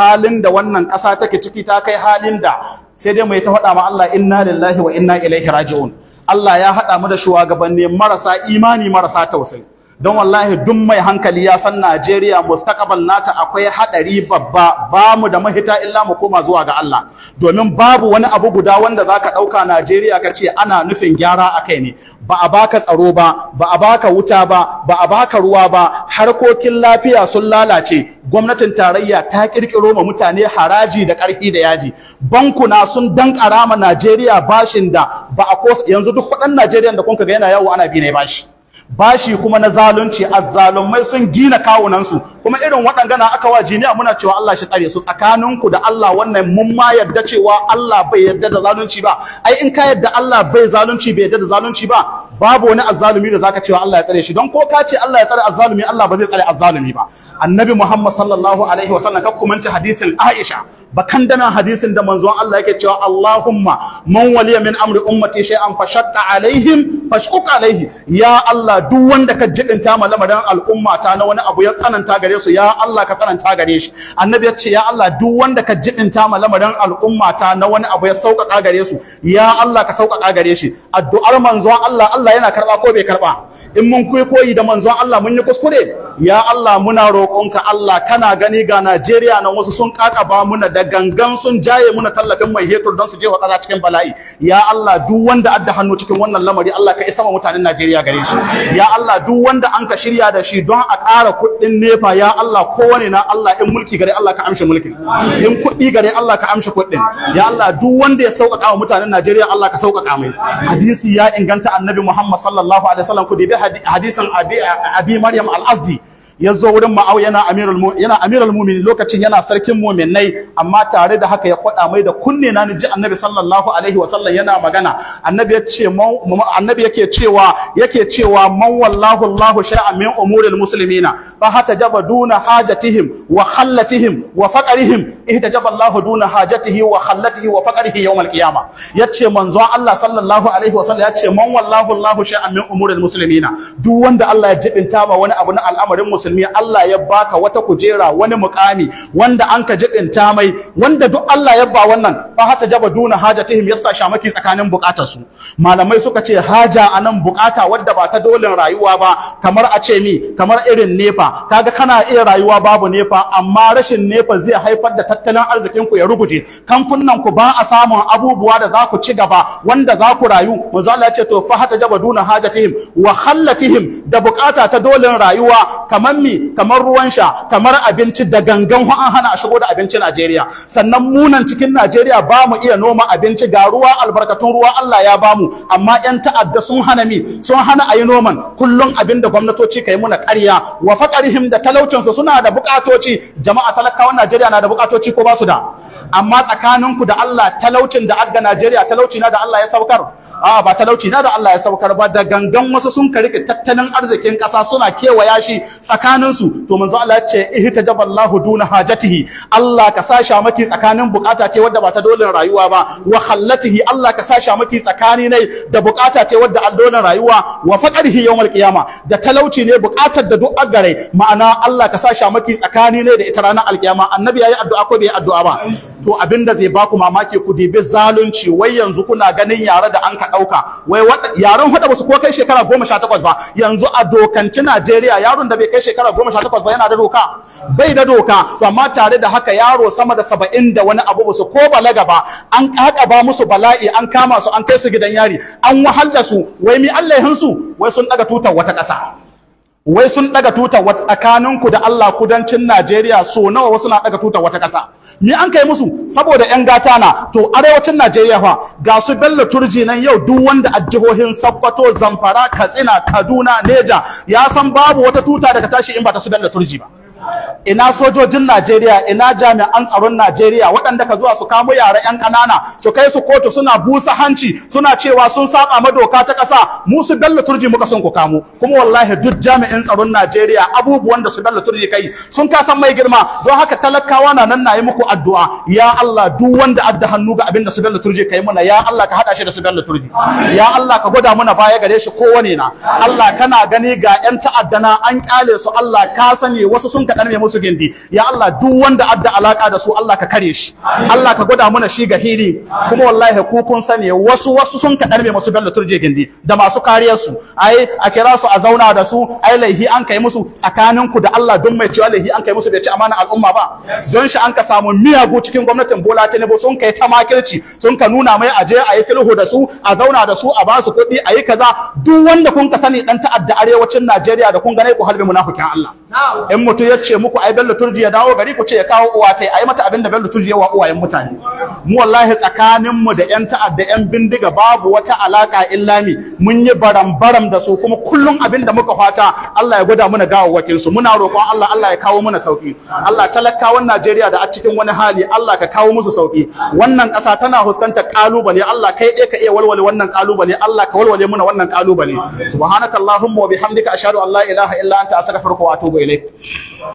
halin da wannan ƙasa take ciki ta kai halin da sai dai mu ta faɗa ma Allah inna lillahi wa inna ilaihi raji'un Allah ya haɗa mu da shugabanni marasa imani marasa tausayi don wallahi duk mai hankali ya san Najeriya mustakabal nata akwai hadari babba ba mu da mahita illa mu koma zuwa ga Allah domin babu wani abu guda wanda zaka dauka Najeriya ka ce ana nufin gyara akai ne ba a baka tsaro ba ba a baka wuta ba ba a baka ruwa ba harkokin lafiya sun lalace gwamnatin tarayya ta kirkiro ma mutane haraji da karfi da yaji bankuna sun dankara ma Najeriya bashin da ba a yanzu duk kudin Najeriya da kun ga yana yawo ana bi ne bashi bashi kuma na zalunci azzalumai sun gina kawunansu kuma irin waɗangana aka wa jiniya muna cewa Allah shi tsare su tsakaninku da Allah wannan mun ma yadda cewa Allah bai yadda da zalunci ba ai in ka yadda Allah bai zalunci bai yadda da zalunci ba babu wani azzalumi da zaka cewa Allah ya tsare shi don ko ka ce Allah ya tsare azzalumi Allah ba zai tsare azzalumi ba annabi Muhammad sallallahu alaihi wasallam ka kumanci hadisin Aisha bakan dana hadisin da manzon Allah yake cewa Allahumma man waliya min amri ummati shay'an fa shaqqa alaihim fashquq alaihi ya Allah duk wanda ka jidinta ma lamarin al'umma ta na wani abu ya tsananta gare su ya Allah ka tsananta gare shi annabi ya ce ya Allah duk wanda ka jidinta ma lamarin al'umma ta na wani abu ya sauƙaƙa gare su ya Allah ka sauƙaƙa gare shi addu'ar manzon Allah Allah yana karba ko bai karba in mun koyi da manzon Allah mun yi kuskure ya Allah muna roƙonka Allah kana gani ga Najeriya nan wasu sun kakaba muna da gangan sun jaye muna tallafin mai hetur don su je wadana cikin bala'i ya Allah duk wanda adda hannu cikin wannan lamari Allah ka isa mutanen Najeriya gare shi ya Allah duk wanda an ka shirya da shi don a ƙara kuɗin nefa ya Allah kowane na Allah in mulki gare Allah ka amshi mulkin in kuɗi gare Allah ka amshi kuɗin ya Allah duk wanda ya sauƙaƙa wa mutanen Najeriya Allah ka sauƙaƙa mai hadisi ya inganta annabi Muhammad sallallahu alaihi wasallam ku dibi hadisin abi Maryam al-Azdi ya zo wurin ma'au yana amirul yana amirul mu'minin lokacin yana sarkin mu'minai amma tare da haka ya kwada mai da kunne na ji annabi sallallahu alaihi wa sallam yana magana annabi ya ce annabi yake cewa yake cewa man wallahu Allahu shay'an min umuril muslimina fa jaba duna hajatihim wa khallatihim wa faqrihim ihtajaba Allahu duna hajatihi wa khallatihi wa faqrihi yawm al-qiyamah yace manzo Allah sallallahu alaihi wa sallam yace man wallahu Allahu shay'an min umuril muslimina duk wanda Allah ya jibinta ba wani abu na al'amarin musulmi musulmi Allah ya baka wata kujera wani mukami wanda an ka jidin ta mai wanda duk Allah ya ba wannan fa hata jaba duna hajatihim yasa shamaki tsakanin bukatar su malamai suka ce haja anan bukata wadda ba ta dolin rayuwa ba kamar a ce mi kamar irin nefa kaga kana iya rayuwa babu nefa amma rashin nefa zai haifar da tattalin arzikin ku ya rubuce. kamfunan ku ba a samun abubuwa da za ku ci gaba wanda za ku rayu manzo Allah ya ce to fa hata jaba duna hajatihim wa khallatihim da bukata ta dolin rayuwa kamar mi kamar ruwan sha kamar abinci da gangan an hana a shigo da abinci Najeriya sannan munan cikin Najeriya ba mu iya noma abinci ga ruwa albarkatun ruwa Allah ya bamu amma yan ta'adda sun hana mi sun hana a yi noman kullum abin da gwamnatoci kai muna ƙarya wa faqarihim da talaucin su suna da bukatoci jama'a talakawan Najeriya na da bukatoci ko ba su da amma tsakaninku da Allah talaucin da agga Najeriya talauci na da Allah ya saukar a ba talauci na da Allah ya saukar ba da gangan wasu sun karike tattalin arzikin ƙasa suna kewaya shi tsakanin su to manzo Allah ya ce ihtajaba Allahu duna hajatihi Allah ka sa shamaki tsakanin bukata ce wadda ba ta dole rayuwa ba wa khallatihi Allah ka sa shamaki tsakani ne da bukata ce wadda an rayuwa wa faqrihi yawmal qiyama da talauci ne bukatar da duk agare ma'ana Allah ka sa shamaki tsakani ne da ita ranar alkiyama annabi yayi addu'a ko bai addu'a ba to abinda zai baku mamaki ku dibi zalunci wai yanzu kuna ganin yare da an ka dauka wai yaran hada ba ko kai shekara 18 ba yanzu a dokanci Najeriya yaron da bai kai shekara goma sha takwas ba yana da doka bai da doka to amma tare da haka yaro sama da saba'in da wani abu ba su ko balaga ba an ba musu bala'i an kama su an kai su gidan yari an wahalda su wai mi Allah ya wai sun daga tutar wata ƙasa wai sun daga tuta wata ku da Allah kudancin Najeriya so nawa wasu na daga tuta wata ƙasa ni an kai musu saboda yan gata na to arewacin Najeriya fa ga su Bello Turji nan yau duk wanda a jihohin Sokoto Zamfara Katsina Kaduna Neja ya san babu wata tuta daga tashi in ba ta su Bello Turji ba ina sojojin Najeriya ina jami'an tsaron Najeriya waɗanda ka zuwa su kamo yara yan ƙanana su kai su kotu suna busa hanci suna cewa sun saba madoka ta ƙasa mu su Bello Turji muka son ku kamo kuma wallahi duk jami'in tsaron Najeriya abubuwan da su Bello Turji kai sun kasan mai girma don haka talakawa na nan na yi muku addu'a ya Allah duk wanda adda hannu ga abin da su Bello Turji kai muna ya Allah ka hada shi da su Bello Turji ya Allah ka gwada muna baya gare shi kowane na Allah kana gani ga yan ta'addana an kyale su Allah ka sani wasu sun kaɗan musu gindi ya Allah duk wanda adda alaka da su Allah ka kare shi Allah ka gwada mana shi ga hili kuma wallahi ku kun sani wasu wasu sun ka darbe musu bello turje gindi da masu kariyar su ai a kira su a zauna da su ai laihi an kai musu tsakanin ku da Allah don mai cewa laihi an kai musu bai ci amana al'umma ba don shi an ka samu miyagu cikin gwamnatin Bola Tinubu sun kai ta makirci sun ka nuna mai aje a yi sulhu da su a zauna da su a ba su kuɗi a yi kaza duk wanda kun ka sani dan ta'adda arewacin Najeriya da kun ganai ku halbe munafikan Allah in mutum ya ce muku ai bello turji ya dawo gari ku ce ya kawo uwa ta ai mata abin da bello turji ya wa uwayen mutane mu wallahi tsakaninmu mu da yan ta'adda yan bindiga babu wata alaka illa ni mun yi baram-baram da su kuma kullum abin da muka fata Allah ya gwada muna gawawwakin su muna roƙon Allah Allah ya kawo mana sauki Allah talakawan Najeriya da a cikin wani hali Allah ka kawo musu sauki wannan ƙasa tana huskanta ƙalubale Allah kai ɗaya ka iya walwale wannan kalubale Allah ka walwale muna wannan kalubale subhanakallahumma wa bihamdika ashhadu an la ilaha illa anta astaghfiruka wa atubu elect.